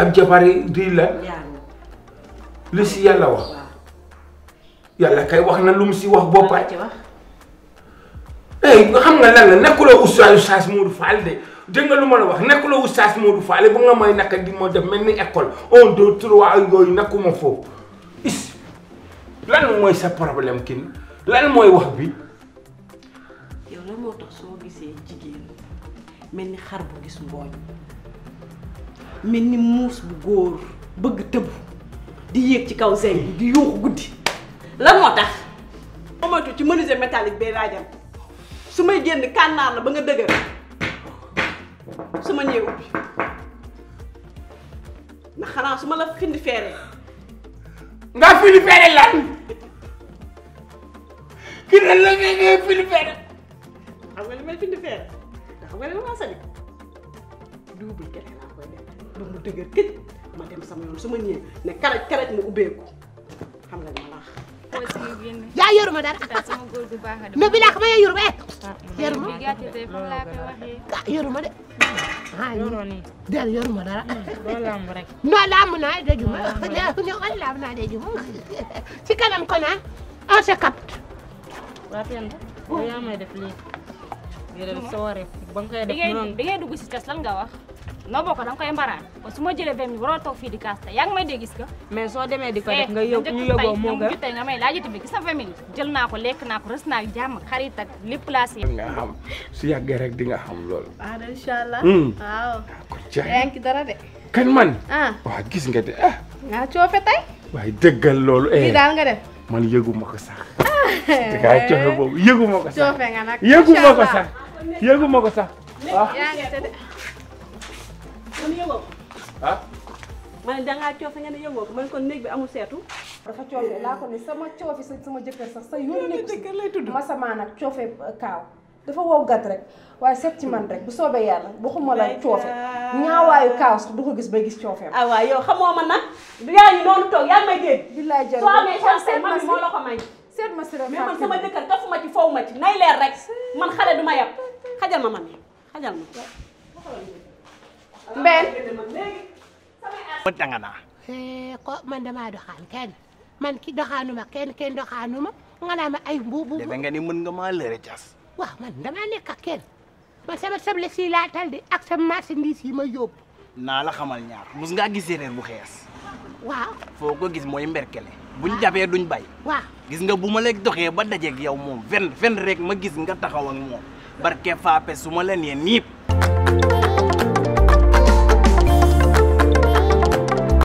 ak jabari di la li si yàlla wax yàlla kay wax na lu mu si wax boppam eh xam nga lan la nekkuloo oustaz oustaz Modou Fall de dégg lu ma la wax nekkuloo oustaz Modou Fall ba nga may naka di moo def mel ni école un deux trois yooyu nekkuma foofu is lan mooy sa problème kii lan mooy wax bi. mel ni xar bu gis mbooñ mel ni muus bu góor bëgg tëbu di yéeg ci kaw zinc bi di yuuxu guddi la moo tax momoytu ci menuisier métallique bee laa dem su may génn kànnaar la ba nga dëgër su ma ñëwee ubbi na xanaa su ma la findi feere nga findi feere lan ki na la ngay ngay findi feere xam nga li may findi feere ndax xam nga li ma sali double keneen laa koy def ba mu dëgër këj ma sama yoon su ma ñëwee ne karaj karaj ma ubbeeku xam nga ma laax. yaa yoruma dara mais bi laa xam ne yaa yoruma eh. Ah, yoruma ah yoruma de. ah déedéet dara. loolu la am rek. non laamu naa déjuma ñoom laamu naa déjuma ci kanam ko naan ah, on se capte. Oh. yaa may def lii. yéen a ngi soo waree ba nga koy def noonu nga wax. noo bokk da nga koy mbaraan kon su ma jëlee vingt mille waroo toog fii di kaas te yaa dee gis nga mais soo demee di ko def eh, nga yëg ñu yëgoo moo gën tey jël naa ko lekk naa ko rës naa jàmm xarit ak lépp laa si nga xam su yàggee rek di nga xam lool ah, hmm. waaw incha ko jaay yaa dara de kan man ah waaw gis nga de ah nga coofe tey waaye dëggal loolu eh daal nga def man yëguma ko sax di ah. nga coofe boobu yëguma ko sax yëguma ko sax yëguma ko ah. ma ne dangaa coof nga ne yëngoo ko man kon néeg bi amul seetu. dafa coofee laa ko ne sama coofi sa sama jëkkër sax sa yoon nekk si masamaa nag coofee uh, kaaw dafa wow gàtt rek waaye seet man rek bu soobee yàlla waxuma la coofe ñaawaayu kaaw sax ko gis bay gis coofeem. ah waaw yow xamoo ma nag. yaa ngi noonu toog yaa ngi may dégg. billaay jël soo amee chance man moo la ko may. seet ma si la mais man sama jëkkër kafuma ci fow ma ci nay leer rek man xale du ma xajal ma man xajal ma. Mbène. bët danga naa. Eh, ko man damaa doxaan kenn man ki doxaanuma kenn kenn doxaanuma nga naa ma ay mbuubu. defe nga ni mën nga maa lëre cas. waaw man damaa nekk ak kenn man sama soble si laa tal di ak sama marchandise yi ma yóbbu. naa la xamal ñaar mus ngaa gis séeréer bu xees. waaw foo ko gis mooy mberkele. buñ jabee duñ bay. waa gis nga bu ma la doxee ba dajeeg yow moom fen fen rek ma gis nga taxaw ak moom barke faape su ma la nee niip.